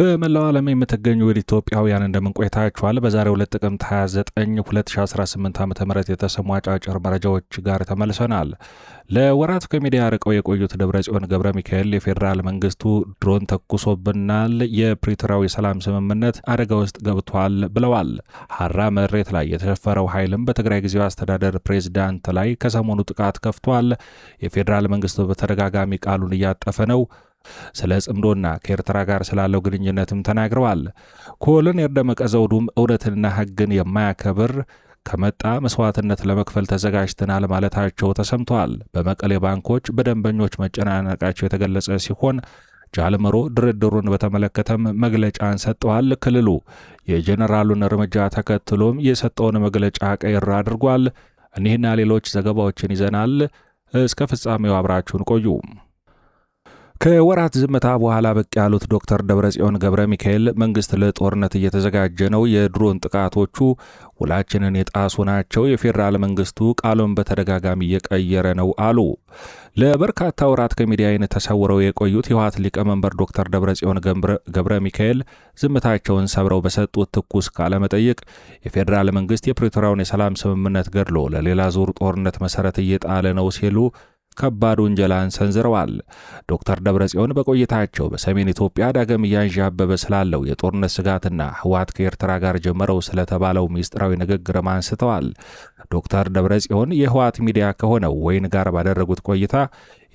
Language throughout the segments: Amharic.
በመላው ዓለም የምትገኙ ወደ ኢትዮጵያውያን እንደምን ቆይታችኋል? በዛሬው ዕለት ጥቅምት 29 2018 ዓ ም የተሰሙ አጫጭር መረጃዎች ጋር ተመልሰናል። ለወራት ከሚዲያ ርቀው የቆዩት ደብረጽዮን ገብረ ሚካኤል የፌዴራል መንግስቱ ድሮን ተኩሶብናል፣ የፕሪቶሪያው የሰላም ስምምነት አደጋ ውስጥ ገብቷል ብለዋል። ሀራ መሬት ላይ የተሸፈረው ኃይልም በትግራይ ጊዜው አስተዳደር ፕሬዚዳንት ላይ ከሰሞኑ ጥቃት ከፍቷል። የፌዴራል መንግስቱ በተደጋጋሚ ቃሉን እያጠፈ ነው ስለ ጽምዶና ከኤርትራ ጋር ስላለው ግንኙነትም ተናግረዋል። ኮሎኔል ደመቀ ዘውዱም እውነትና ሕግን የማያከብር ከመጣ መስዋዕትነት ለመክፈል ተዘጋጅተናል ማለታቸው ተሰምቷል። በመቀሌ ባንኮች በደንበኞች መጨናነቃቸው የተገለጸ ሲሆን ጃልመሮ ድርድሩን በተመለከተም መግለጫን ሰጠዋል። ክልሉ የጄኔራሉን እርምጃ ተከትሎም የሰጠውን መግለጫ ቀይር አድርጓል። እኒህና ሌሎች ዘገባዎችን ይዘናል። እስከ ፍጻሜው አብራችሁን ቆዩ። ከወራት ዝምታ በኋላ ብቅ ያሉት ዶክተር ደብረጽዮን ገብረ ሚካኤል መንግስት ለጦርነት እየተዘጋጀ ነው፣ የድሮን ጥቃቶቹ ውላችንን የጣሱ ናቸው፣ የፌዴራል መንግስቱ ቃሉን በተደጋጋሚ እየቀየረ ነው አሉ። ለበርካታ ወራት ከሚዲያ አይነት ተሰውረው የቆዩት የህወሓት ሊቀመንበር ዶክተር ደብረጽዮን ገብረ ሚካኤል ዝምታቸውን ሰብረው በሰጡት ትኩስ ካለመጠይቅ የፌዴራል መንግስት የፕሪቶሪያውን የሰላም ስምምነት ገድሎ ለሌላ ዙር ጦርነት መሰረት እየጣለ ነው ሲሉ ከባድ ውንጀላን ሰንዝረዋል። ዶክተር ደብረጽዮን በቆይታቸው በሰሜን ኢትዮጵያ ዳግም እያንዣበበ ስላለው የጦርነት ስጋትና ህወሓት ከኤርትራ ጋር ጀመረው ስለተባለው ሚስጥራዊ ንግግርም አንስተዋል። ዶክተር ደብረጽዮን የህወሓት ሚዲያ ከሆነው ወይን ጋር ባደረጉት ቆይታ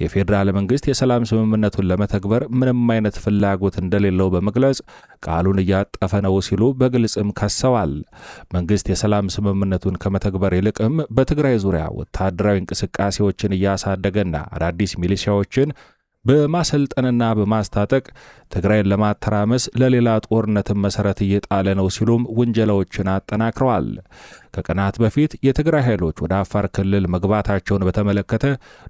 የፌዴራል መንግስት የሰላም ስምምነቱን ለመተግበር ምንም አይነት ፍላጎት እንደሌለው በመግለጽ ቃሉን እያጠፈ ነው ሲሉ በግልጽም ከሰዋል። መንግስት የሰላም ስምምነቱን ከመተግበር ይልቅም በትግራይ ዙሪያ ወታደራዊ እንቅስቃሴዎችን እያሳደገና አዳዲስ ሚሊሺያዎችን በማሰልጠንና በማስታጠቅ ትግራይን ለማተራመስ ለሌላ ጦርነትን መሰረት እየጣለ ነው ሲሉም ውንጀላዎችን አጠናክረዋል። ከቀናት በፊት የትግራይ ኃይሎች ወደ አፋር ክልል መግባታቸውን በተመለከተ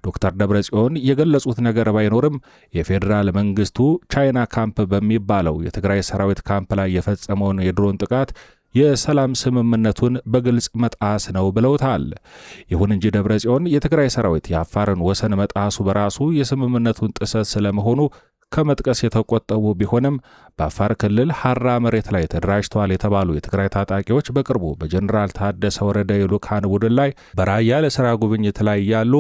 ዶክተር ደብረጽዮን የገለጹት ነገር ባይኖርም የፌዴራል መንግስቱ ቻይና ካምፕ በሚባለው የትግራይ ሰራዊት ካምፕ ላይ የፈጸመውን የድሮን ጥቃት የሰላም ስምምነቱን በግልጽ መጣስ ነው ብለውታል። ይሁን እንጂ ደብረ ጽዮን የትግራይ ሰራዊት የአፋርን ወሰን መጣሱ በራሱ የስምምነቱን ጥሰት ስለመሆኑ ከመጥቀስ የተቆጠቡ ቢሆንም በአፋር ክልል ሐራ መሬት ላይ ተደራጅተዋል የተባሉ የትግራይ ታጣቂዎች በቅርቡ በጀኔራል ታደሰ ወረደ የልዑካን ቡድን ላይ በራያ ለሥራ ጉብኝት ላይ ያሉ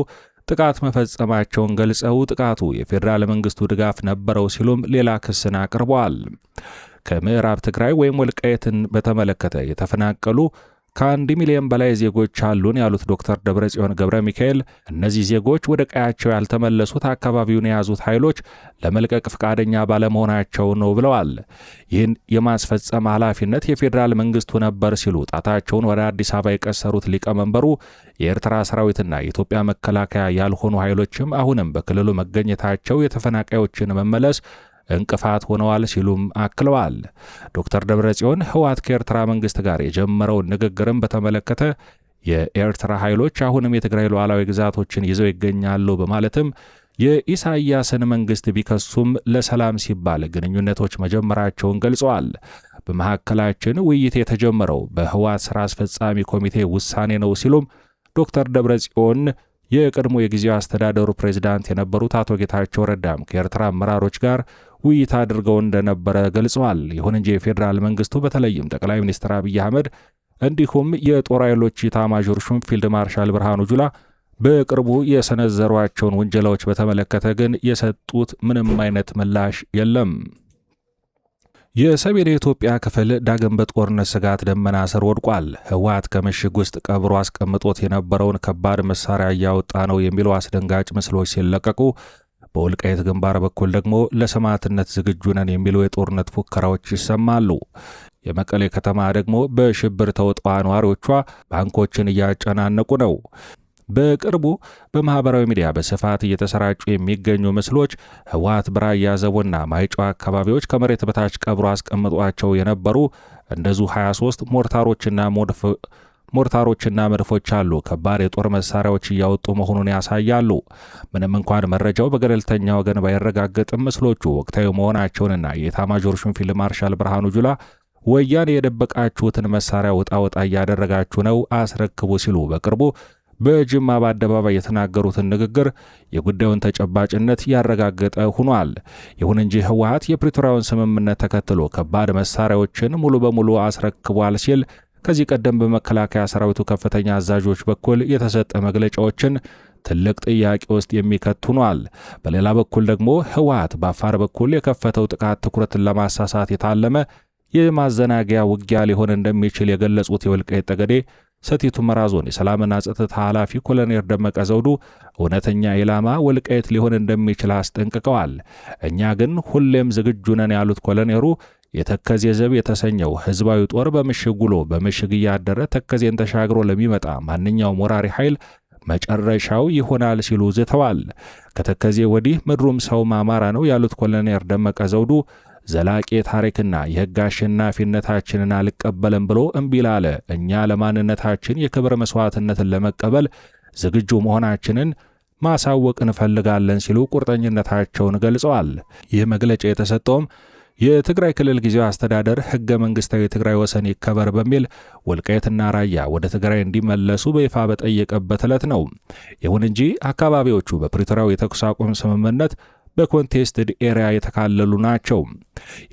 ጥቃት መፈጸማቸውን ገልጸው ጥቃቱ የፌዴራል መንግስቱ ድጋፍ ነበረው ሲሉም ሌላ ክስን አቅርበዋል። ከምዕራብ ትግራይ ወይም ወልቃየትን በተመለከተ የተፈናቀሉ ከአንድ ሚሊዮን በላይ ዜጎች አሉን ያሉት ዶክተር ደብረጽዮን ገብረ ሚካኤል እነዚህ ዜጎች ወደ ቀያቸው ያልተመለሱት አካባቢውን የያዙት ኃይሎች ለመልቀቅ ፈቃደኛ ባለመሆናቸው ነው ብለዋል። ይህን የማስፈጸም ኃላፊነት የፌዴራል መንግስቱ ነበር ሲሉ ጣታቸውን ወደ አዲስ አበባ የቀሰሩት ሊቀመንበሩ የኤርትራ ሰራዊትና የኢትዮጵያ መከላከያ ያልሆኑ ኃይሎችም አሁንም በክልሉ መገኘታቸው የተፈናቃዮችን መመለስ እንቅፋት ሆነዋል ሲሉም አክለዋል። ዶክተር ደብረጽዮን ህወሓት ከኤርትራ መንግስት ጋር የጀመረውን ንግግርም በተመለከተ የኤርትራ ኃይሎች አሁንም የትግራይ ሉዓላዊ ግዛቶችን ይዘው ይገኛሉ በማለትም የኢሳያስን መንግስት ቢከሱም ለሰላም ሲባል ግንኙነቶች መጀመራቸውን ገልጸዋል። በመካከላችን ውይይት የተጀመረው በህወሓት ሥራ አስፈጻሚ ኮሚቴ ውሳኔ ነው ሲሉም ዶክተር ደብረጽዮን የቀድሞ የጊዜው አስተዳደሩ ፕሬዚዳንት የነበሩት አቶ ጌታቸው ረዳም ከኤርትራ አመራሮች ጋር ውይይት አድርገው እንደነበረ ገልጸዋል። ይሁን እንጂ የፌዴራል መንግስቱ በተለይም ጠቅላይ ሚኒስትር አብይ አህመድ እንዲሁም የጦር ኃይሎች ኢታማዦር ሹም ፊልድ ማርሻል ብርሃኑ ጁላ በቅርቡ የሰነዘሯቸውን ውንጀላዎች በተመለከተ ግን የሰጡት ምንም አይነት ምላሽ የለም። የሰሜን የኢትዮጵያ ክፍል ዳግም በጦርነት ስጋት ደመና ስር ወድቋል። ህወሓት ከምሽግ ውስጥ ቀብሮ አስቀምጦት የነበረውን ከባድ መሳሪያ እያወጣ ነው የሚሉ አስደንጋጭ ምስሎች ሲለቀቁ በወልቃየት ግንባር በኩል ደግሞ ለሰማዕትነት ዝግጁ ነን የሚሉ የጦርነት ፉከራዎች ይሰማሉ። የመቀሌ ከተማ ደግሞ በሽብር ተውጠዋ ነዋሪዎቿ ባንኮችን እያጨናነቁ ነው። በቅርቡ በማህበራዊ ሚዲያ በስፋት እየተሰራጩ የሚገኙ ምስሎች ህወሓት ብራ ዘቦና ማይጨው አካባቢዎች ከመሬት በታች ቀብሮ አስቀምጧቸው የነበሩ እንደዙ 23 ሞርታሮችና ሞርታሮችና መድፎች አሉ። ከባድ የጦር መሳሪያዎች እያወጡ መሆኑን ያሳያሉ። ምንም እንኳን መረጃው በገለልተኛ ወገን ባይረጋገጥም ምስሎቹ ወቅታዊ መሆናቸውንና የኤታማዦር ሹም ፊልድ ማርሻል ብርሃኑ ጁላ ወያኔ የደበቃችሁትን መሳሪያ ውጣ ውጣ እያደረጋችሁ ነው፣ አስረክቡ ሲሉ በቅርቡ በጅማ በአደባባይ የተናገሩትን ንግግር የጉዳዩን ተጨባጭነት ያረጋገጠ ሆኗል። ይሁን እንጂ ህወሀት የፕሪቶሪያውን ስምምነት ተከትሎ ከባድ መሳሪያዎችን ሙሉ በሙሉ አስረክቧል ሲል ከዚህ ቀደም በመከላከያ ሰራዊቱ ከፍተኛ አዛዦች በኩል የተሰጠ መግለጫዎችን ትልቅ ጥያቄ ውስጥ የሚከት ሆኗል። በሌላ በኩል ደግሞ ህወሓት በአፋር በኩል የከፈተው ጥቃት ትኩረትን ለማሳሳት የታለመ የማዘናጊያ ውጊያ ሊሆን እንደሚችል የገለጹት የወልቃይት ጠገዴ ሰቲት ሁመራ ዞን የሰላምና ጸጥታ ኃላፊ ኮሎኔል ደመቀ ዘውዱ እውነተኛ ኢላማ ወልቃይት ሊሆን እንደሚችል አስጠንቅቀዋል። እኛ ግን ሁሌም ዝግጁ ነን ያሉት ኮሎኔሩ የተከዜ ዘብ የተሰኘው ህዝባዊ ጦር በምሽግ ውሎ በምሽግ እያደረ ተከዜን ተሻግሮ ለሚመጣ ማንኛውም ወራሪ ኃይል መጨረሻው ይሆናል ሲሉ ዝተዋል። ከተከዜ ወዲህ ምድሩም ሰው አማራ ነው ያሉት ኮሎኔል ደመቀ ዘውዱ ዘላቂ ታሪክና የሕግ አሸናፊነታችንን አልቀበልም ብሎ እምቢ ላለ እኛ ለማንነታችን የክብር መሥዋዕትነትን ለመቀበል ዝግጁ መሆናችንን ማሳወቅ እንፈልጋለን ሲሉ ቁርጠኝነታቸውን ገልጸዋል። ይህ መግለጫ የተሰጠውም የትግራይ ክልል ጊዜያዊ አስተዳደር ሕገ መንግሥታዊ የትግራይ ወሰን ይከበር በሚል ወልቃየትና ራያ ወደ ትግራይ እንዲመለሱ በይፋ በጠየቀበት ዕለት ነው። ይሁን እንጂ አካባቢዎቹ በፕሪቶሪያው የተኩስ አቁም ስምምነት በኮንቴስትድ ኤሪያ የተካለሉ ናቸው።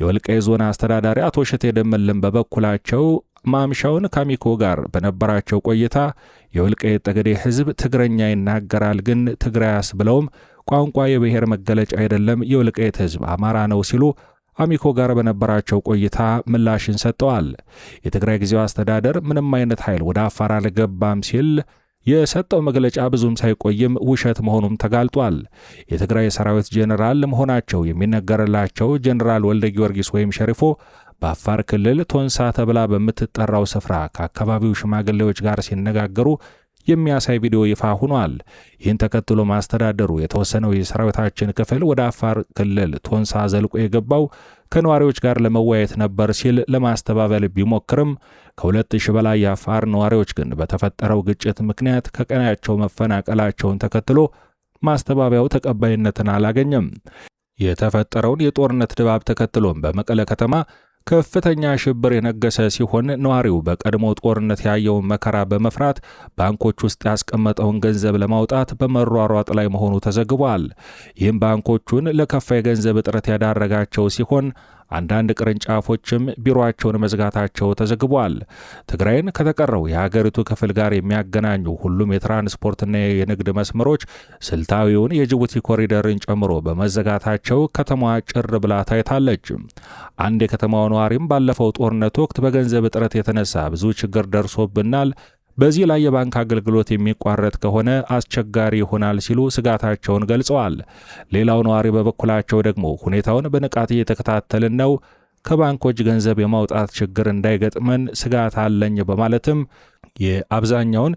የወልቃይት ዞን አስተዳዳሪ አቶ እሸቴ ደመለን በበኩላቸው ማምሻውን ከአሚኮ ጋር በነበራቸው ቆይታ የወልቃይት ጠገዴ ሕዝብ ትግረኛ ይናገራል፣ ግን ትግራያስ ብለውም ቋንቋ የብሔር መገለጫ አይደለም፣ የወልቃይት ሕዝብ አማራ ነው ሲሉ አሚኮ ጋር በነበራቸው ቆይታ ምላሽን ሰጠዋል። የትግራይ ጊዜው አስተዳደር ምንም አይነት ኃይል ወደ አፋር አልገባም ሲል የሰጠው መግለጫ ብዙም ሳይቆይም ውሸት መሆኑም ተጋልጧል። የትግራይ ሰራዊት ጄኔራል መሆናቸው የሚነገርላቸው ጄኔራል ወልደ ጊዮርጊስ ወይም ሸሪፎ በአፋር ክልል ቶንሳ ተብላ በምትጠራው ስፍራ ከአካባቢው ሽማግሌዎች ጋር ሲነጋገሩ የሚያሳይ ቪዲዮ ይፋ ሆኗል። ይህን ተከትሎ ማስተዳደሩ የተወሰነው የሰራዊታችን ክፍል ወደ አፋር ክልል ቶንሳ ዘልቆ የገባው ከነዋሪዎች ጋር ለመወያየት ነበር ሲል ለማስተባበል ቢሞክርም ከሁለት ሺህ በላይ የአፋር ነዋሪዎች ግን በተፈጠረው ግጭት ምክንያት ከቀያቸው መፈናቀላቸውን ተከትሎ ማስተባበያው ተቀባይነትን አላገኘም። የተፈጠረውን የጦርነት ድባብ ተከትሎም በመቀለ ከተማ ከፍተኛ ሽብር የነገሰ ሲሆን ነዋሪው በቀድሞ ጦርነት ያየውን መከራ በመፍራት ባንኮች ውስጥ ያስቀመጠውን ገንዘብ ለማውጣት በመሯሯጥ ላይ መሆኑ ተዘግቧል። ይህም ባንኮቹን ለከፋ የገንዘብ እጥረት ያዳረጋቸው ሲሆን አንዳንድ ቅርንጫፎችም ቢሮአቸውን መዝጋታቸው ተዘግቧል። ትግራይን ከተቀረው የሀገሪቱ ክፍል ጋር የሚያገናኙ ሁሉም የትራንስፖርትና የንግድ መስመሮች ስልታዊውን የጅቡቲ ኮሪደርን ጨምሮ በመዘጋታቸው ከተማዋ ጭር ብላ ታይታለች። አንድ የከተማው ነዋሪም ባለፈው ጦርነት ወቅት በገንዘብ እጥረት የተነሳ ብዙ ችግር ደርሶብናል በዚህ ላይ የባንክ አገልግሎት የሚቋረጥ ከሆነ አስቸጋሪ ይሆናል ሲሉ ስጋታቸውን ገልጸዋል። ሌላው ነዋሪ በበኩላቸው ደግሞ ሁኔታውን በንቃት እየተከታተልን ነው፣ ከባንኮች ገንዘብ የማውጣት ችግር እንዳይገጥመን ስጋት አለኝ በማለትም የአብዛኛውን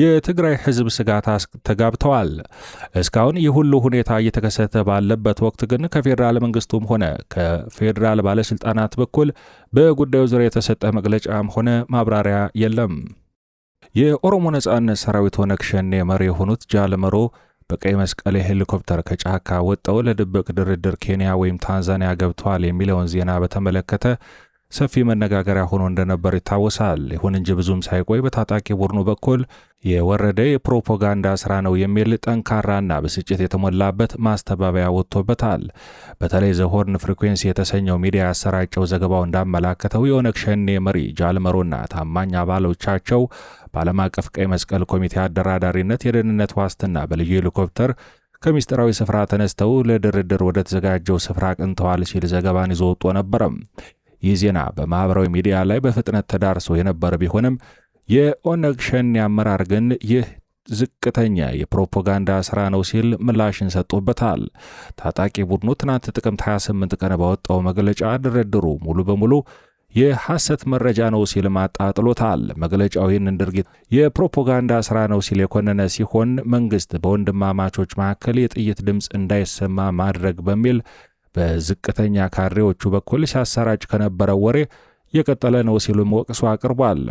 የትግራይ ሕዝብ ስጋት ተጋብተዋል። እስካሁን ይህ ሁሉ ሁኔታ እየተከሰተ ባለበት ወቅት ግን ከፌዴራል መንግስቱም ሆነ ከፌዴራል ባለስልጣናት በኩል በጉዳዩ ዙሪያ የተሰጠ መግለጫም ሆነ ማብራሪያ የለም። የኦሮሞ ነጻነት ሰራዊት ኦነግ ሸኔ መሪ የሆኑት ጃልመሮ በቀይ መስቀል ሄሊኮፕተር ከጫካ ወጥተው ለድብቅ ድርድር ኬንያ ወይም ታንዛኒያ ገብተዋል የሚለውን ዜና በተመለከተ ሰፊ መነጋገሪያ ሆኖ እንደነበር ይታወሳል። ይሁን እንጂ ብዙም ሳይቆይ በታጣቂ ቡድኑ በኩል የወረደ የፕሮፓጋንዳ ስራ ነው የሚል ጠንካራና ብስጭት የተሞላበት ማስተባበያ ወጥቶበታል። በተለይ ዘሆርን ፍሪኩዌንሲ የተሰኘው ሚዲያ ያሰራጨው ዘገባው እንዳመላከተው የኦነግ ሸኔ መሪ ጃልመሮና ታማኝ አባሎቻቸው በዓለም አቀፍ ቀይ መስቀል ኮሚቴ አደራዳሪነት የደህንነት ዋስትና በልዩ ሄሊኮፕተር ከሚስጥራዊ ስፍራ ተነስተው ለድርድር ወደ ተዘጋጀው ስፍራ አቅንተዋል ሲል ዘገባን ይዞ ወጥቶ ነበረም። ይህ ዜና በማኅበራዊ ሚዲያ ላይ በፍጥነት ተዳርሶ የነበረ ቢሆንም የኦነግ ሸኔ አመራር ግን ይህ ዝቅተኛ የፕሮፓጋንዳ ሥራ ነው ሲል ምላሽን ሰጡበታል። ታጣቂ ቡድኑ ትናንት ጥቅምት 28 ቀን ባወጣው መግለጫ ድርድሩ ሙሉ በሙሉ የሐሰት መረጃ ነው ሲልም አጣጥሎታል። መግለጫው ይህንን ድርጊት የፕሮፓጋንዳ ስራ ነው ሲል የኮነነ ሲሆን መንግስት በወንድማማቾች መካከል የጥይት ድምፅ እንዳይሰማ ማድረግ በሚል በዝቅተኛ ካሬዎቹ በኩል ሲያሰራጭ ከነበረው ወሬ የቀጠለ ነው ሲሉም ወቅሶ አቅርቧል።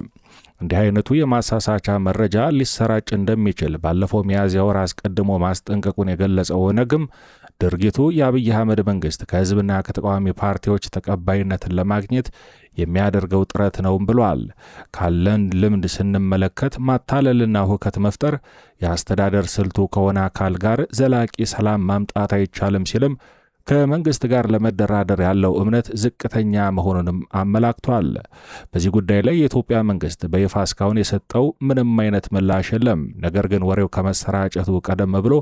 እንዲህ አይነቱ የማሳሳቻ መረጃ ሊሰራጭ እንደሚችል ባለፈው ሚያዝያ ወር አስቀድሞ ማስጠንቀቁን የገለጸው ኦነግም ድርጊቱ የአብይ አህመድ መንግስት ከህዝብና ከተቃዋሚ ፓርቲዎች ተቀባይነትን ለማግኘት የሚያደርገው ጥረት ነውም ብሏል። ካለን ልምድ ስንመለከት ማታለልና ሁከት መፍጠር የአስተዳደር ስልቱ ከሆነ አካል ጋር ዘላቂ ሰላም ማምጣት አይቻልም ሲልም ከመንግስት ጋር ለመደራደር ያለው እምነት ዝቅተኛ መሆኑንም አመላክቷል። በዚህ ጉዳይ ላይ የኢትዮጵያ መንግስት በይፋ እስካሁን የሰጠው ምንም አይነት ምላሽ የለም። ነገር ግን ወሬው ከመሰራጨቱ ቀደም ብሎ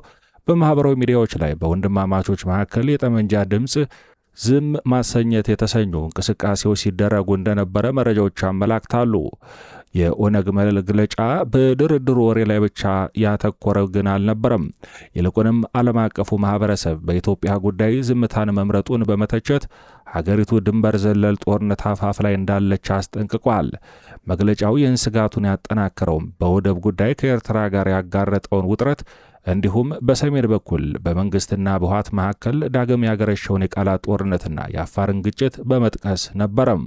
በማኅበራዊ ሚዲያዎች ላይ በወንድማማቾች መካከል የጠመንጃ ድምፅ ዝም ማሰኘት የተሰኙ እንቅስቃሴዎች ሲደረጉ እንደነበረ መረጃዎች አመላክታሉ። የኦነግ መግለጫ በድርድሩ ወሬ ላይ ብቻ ያተኮረ ግን አልነበረም። ይልቁንም ዓለም አቀፉ ማኅበረሰብ በኢትዮጵያ ጉዳይ ዝምታን መምረጡን በመተቸት ሀገሪቱ ድንበር ዘለል ጦርነት አፋፍ ላይ እንዳለች አስጠንቅቋል። መግለጫው ይህን ስጋቱን በወደብ ጉዳይ ከኤርትራ ጋር ያጋረጠውን ውጥረት እንዲሁም በሰሜን በኩል በመንግስትና በህወሓት መካከል ዳግም ያገረሸውን የቃላት ጦርነትና የአፋርን ግጭት በመጥቀስ ነበረም።